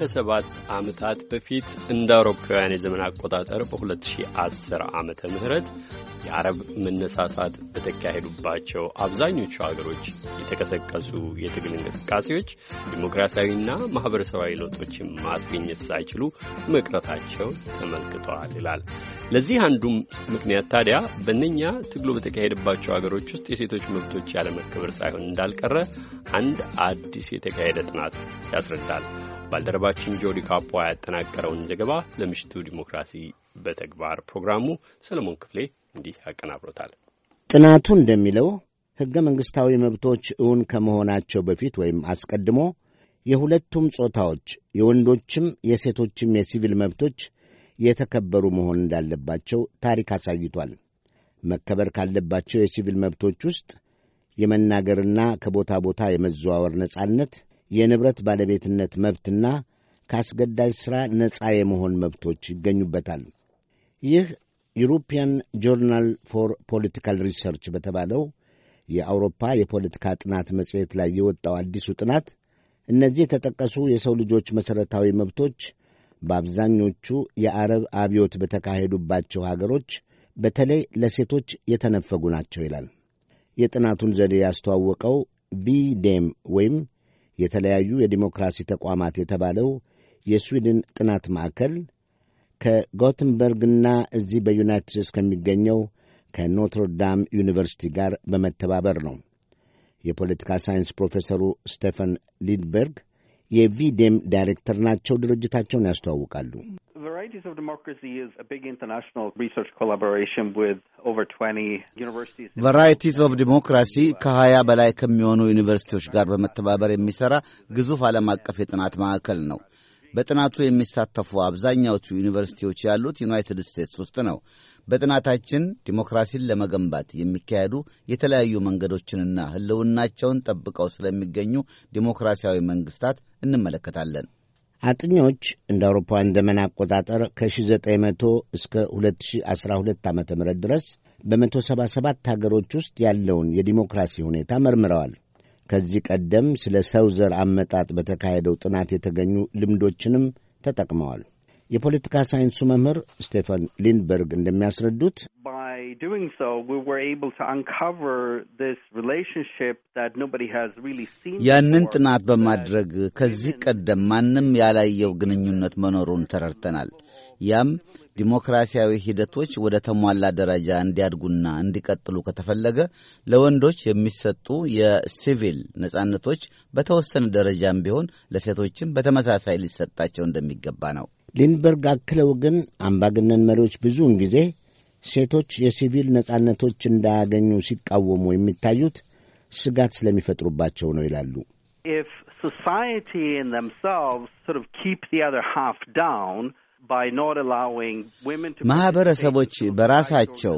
ከሰባት ዓመታት በፊት እንደ አውሮፓውያን የዘመን አቆጣጠር በ2010 ዓመተ ምህረት የአረብ መነሳሳት በተካሄዱባቸው አብዛኞቹ ሀገሮች የተቀሰቀሱ የትግል እንቅስቃሴዎች ዲሞክራሲያዊና ማህበረሰባዊ ለውጦችን ማስገኘት ሳይችሉ መቅረታቸው ተመልክተዋል ይላል። ለዚህ አንዱም ምክንያት ታዲያ በእነኛ ትግሉ በተካሄደባቸው ሀገሮች ውስጥ የሴቶች መብቶች ያለመከበር ሳይሆን እንዳልቀረ አንድ አዲስ የተካሄደ ጥናት ያስረዳል። ባልደረባችን ጆዲ ካፖ ያጠናቀረውን ዘገባ ለምሽቱ ዲሞክራሲ በተግባር ፕሮግራሙ ሰለሞን ክፍሌ እንዲህ ያቀናብሮታል። ጥናቱ እንደሚለው ሕገ መንግሥታዊ መብቶች እውን ከመሆናቸው በፊት ወይም አስቀድሞ የሁለቱም ጾታዎች የወንዶችም የሴቶችም የሲቪል መብቶች የተከበሩ መሆን እንዳለባቸው ታሪክ አሳይቷል። መከበር ካለባቸው የሲቪል መብቶች ውስጥ የመናገርና ከቦታ ቦታ የመዘዋወር ነጻነት፣ የንብረት ባለቤትነት መብትና ከአስገዳጅ ሥራ ነፃ የመሆን መብቶች ይገኙበታል። ይህ ዩሮፒያን ጆርናል ፎር ፖለቲካል ሪሰርች በተባለው የአውሮፓ የፖለቲካ ጥናት መጽሔት ላይ የወጣው አዲሱ ጥናት እነዚህ የተጠቀሱ የሰው ልጆች መሠረታዊ መብቶች በአብዛኞቹ የአረብ አብዮት በተካሄዱባቸው አገሮች በተለይ ለሴቶች የተነፈጉ ናቸው ይላል። የጥናቱን ዘዴ ያስተዋወቀው ቪዴም ወይም የተለያዩ የዲሞክራሲ ተቋማት የተባለው የስዊድን ጥናት ማዕከል ከጎትንበርግና እዚህ በዩናይትድ ስቴትስ ከሚገኘው ከኖትርዳም ዩኒቨርሲቲ ጋር በመተባበር ነው። የፖለቲካ ሳይንስ ፕሮፌሰሩ ስቴፈን ሊድበርግ የቪዴም ዳይሬክተር ናቸው። ድርጅታቸውን ያስተዋውቃሉ። ቫራይቲስ ኦፍ ዲሞክራሲ ከሀያ በላይ ከሚሆኑ ዩኒቨርሲቲዎች ጋር በመተባበር የሚሰራ ግዙፍ ዓለም አቀፍ የጥናት ማዕከል ነው። በጥናቱ የሚሳተፉ አብዛኛዎቹ ዩኒቨርሲቲዎች ያሉት ዩናይትድ ስቴትስ ውስጥ ነው። በጥናታችን ዲሞክራሲን ለመገንባት የሚካሄዱ የተለያዩ መንገዶችንና ሕልውናቸውን ጠብቀው ስለሚገኙ ዲሞክራሲያዊ መንግስታት እንመለከታለን። አጥኚዎች እንደ አውሮፓውያን ዘመን አቆጣጠር ከ1900 እስከ 2012 ዓ ም ድረስ በ177 ሀገሮች ውስጥ ያለውን የዲሞክራሲ ሁኔታ መርምረዋል። ከዚህ ቀደም ስለ ሰው ዘር አመጣጥ በተካሄደው ጥናት የተገኙ ልምዶችንም ተጠቅመዋል። የፖለቲካ ሳይንሱ መምህር ስቴፈን ሊንበርግ እንደሚያስረዱት ያንን ጥናት በማድረግ ከዚህ ቀደም ማንም ያላየው ግንኙነት መኖሩን ተረድተናል። ያም ዲሞክራሲያዊ ሂደቶች ወደ ተሟላ ደረጃ እንዲያድጉና እንዲቀጥሉ ከተፈለገ ለወንዶች የሚሰጡ የሲቪል ነጻነቶች በተወሰነ ደረጃም ቢሆን ለሴቶችም በተመሳሳይ ሊሰጣቸው እንደሚገባ ነው። ሊንበርግ አክለው ግን አምባገነን መሪዎች ብዙውን ጊዜ ሴቶች የሲቪል ነጻነቶች እንዳያገኙ ሲቃወሙ የሚታዩት ስጋት ስለሚፈጥሩባቸው ነው ይላሉ። ሶሳይቲ society in themselves sort of keep ማኅበረሰቦች በራሳቸው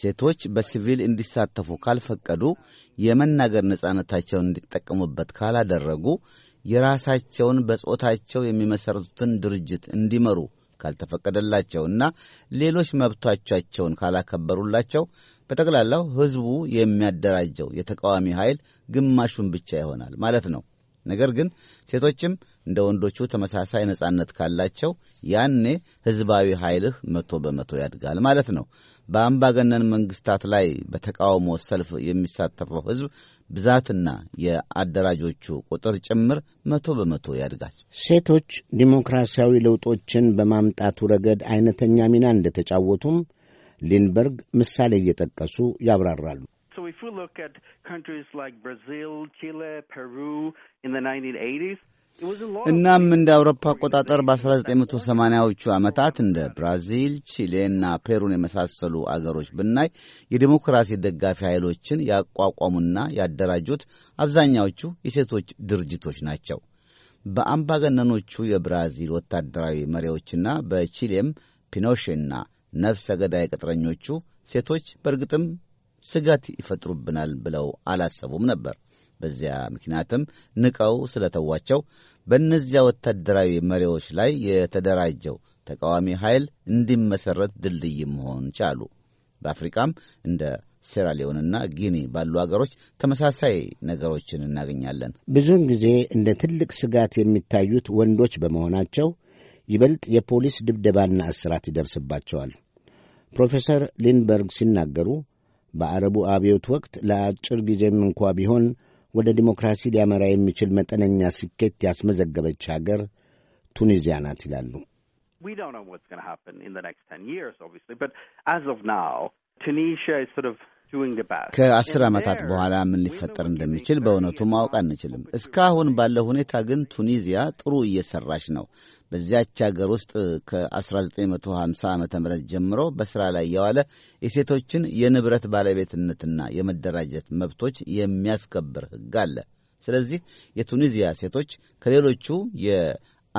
ሴቶች በሲቪል እንዲሳተፉ ካልፈቀዱ፣ የመናገር ነጻነታቸውን እንዲጠቀሙበት ካላደረጉ፣ የራሳቸውን በጾታቸው የሚመሠረቱትን ድርጅት እንዲመሩ ካልተፈቀደላቸውና ሌሎች መብቶቻቸውን ካላከበሩላቸው በጠቅላላው ሕዝቡ የሚያደራጀው የተቃዋሚ ኃይል ግማሹን ብቻ ይሆናል ማለት ነው። ነገር ግን ሴቶችም እንደ ወንዶቹ ተመሳሳይ ነጻነት ካላቸው ያኔ ሕዝባዊ ኃይልህ መቶ በመቶ ያድጋል ማለት ነው። በአምባገነን መንግሥታት ላይ በተቃውሞ ሰልፍ የሚሳተፈው ሕዝብ ብዛትና የአደራጆቹ ቁጥር ጭምር መቶ በመቶ ያድጋል። ሴቶች ዲሞክራሲያዊ ለውጦችን በማምጣቱ ረገድ አይነተኛ ሚና እንደተጫወቱም ሊንበርግ ምሳሌ እየጠቀሱ ያብራራሉ። So if we look at countries like Brazil, Chile, Peru in the 1980s, እናም እንደ አውሮፓ አቆጣጠር በ1980ዎቹ ዓመታት እንደ ብራዚል፣ ቺሌ እና ፔሩን የመሳሰሉ አገሮች ብናይ የዲሞክራሲ ደጋፊ ኃይሎችን ያቋቋሙና ያደራጁት አብዛኛዎቹ የሴቶች ድርጅቶች ናቸው። በአምባገነኖቹ የብራዚል ወታደራዊ መሪዎችና በቺሌም ፒኖሼና ነፍሰ ገዳይ ቅጥረኞቹ ሴቶች በእርግጥም ስጋት ይፈጥሩብናል ብለው አላሰቡም ነበር። በዚያ ምክንያትም ንቀው ስለተዋቸው በእነዚያ ወታደራዊ መሪዎች ላይ የተደራጀው ተቃዋሚ ኃይል እንዲመሠረት ድልድይ መሆን ቻሉ። በአፍሪካም እንደ ሴራሊዮንና ጊኒ ባሉ አገሮች ተመሳሳይ ነገሮችን እናገኛለን። ብዙውን ጊዜ እንደ ትልቅ ስጋት የሚታዩት ወንዶች በመሆናቸው ይበልጥ የፖሊስ ድብደባና እስራት ይደርስባቸዋል። ፕሮፌሰር ሊንበርግ ሲናገሩ በአረቡ አብዮት ወቅት ለአጭር ጊዜም እንኳ ቢሆን ወደ ዲሞክራሲ ሊያመራ የሚችል መጠነኛ ስኬት ያስመዘገበች አገር ቱኒዚያ ናት ይላሉ። ከአስር ዓመታት በኋላ ምን ሊፈጠር እንደሚችል በእውነቱ ማወቅ አንችልም። እስካሁን ባለው ሁኔታ ግን ቱኒዚያ ጥሩ እየሰራች ነው። በዚያች አገር ውስጥ ከ1950 ዓ ም ጀምሮ በሥራ ላይ የዋለ የሴቶችን የንብረት ባለቤትነትና የመደራጀት መብቶች የሚያስከብር ሕግ አለ። ስለዚህ የቱኒዚያ ሴቶች ከሌሎቹ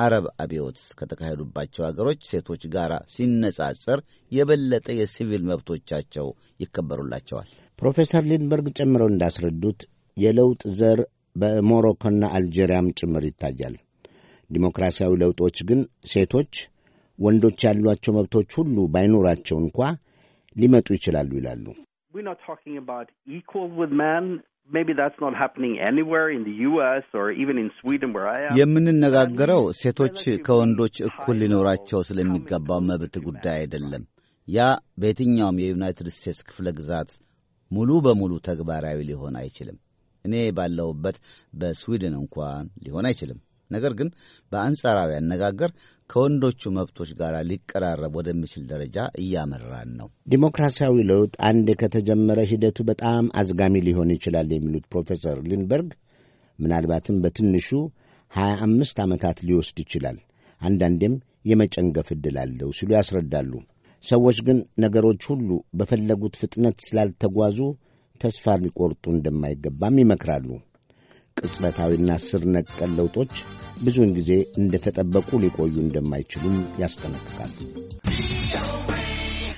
አረብ አብዮት ከተካሄዱባቸው አገሮች ሴቶች ጋር ሲነጻጸር የበለጠ የሲቪል መብቶቻቸው ይከበሩላቸዋል። ፕሮፌሰር ሊንበርግ ጨምረው እንዳስረዱት የለውጥ ዘር በሞሮኮና አልጄሪያም ጭምር ይታያል። ዲሞክራሲያዊ ለውጦች ግን ሴቶች ወንዶች ያሏቸው መብቶች ሁሉ ባይኖራቸው እንኳ ሊመጡ ይችላሉ ይላሉ። የምንነጋገረው ሴቶች ከወንዶች እኩል ሊኖራቸው ስለሚገባው መብት ጉዳይ አይደለም። ያ በየትኛውም የዩናይትድ ስቴትስ ክፍለ ግዛት ሙሉ በሙሉ ተግባራዊ ሊሆን አይችልም። እኔ ባለሁበት በስዊድን እንኳን ሊሆን አይችልም። ነገር ግን በአንጻራዊ አነጋገር ከወንዶቹ መብቶች ጋር ሊቀራረብ ወደሚችል ደረጃ እያመራን ነው። ዲሞክራሲያዊ ለውጥ አንድ ከተጀመረ ሂደቱ በጣም አዝጋሚ ሊሆን ይችላል የሚሉት ፕሮፌሰር ሊንበርግ ምናልባትም በትንሹ ሀያ አምስት ዓመታት ሊወስድ ይችላል፣ አንዳንዴም የመጨንገፍ ዕድል አለው ሲሉ ያስረዳሉ። ሰዎች ግን ነገሮች ሁሉ በፈለጉት ፍጥነት ስላልተጓዙ ተስፋ ሊቆርጡ እንደማይገባም ይመክራሉ። ቅጽበታዊና ስር ነቀል ለውጦች ብዙውን ጊዜ እንደተጠበቁ ሊቆዩ እንደማይችሉም ያስጠነቅቃሉ።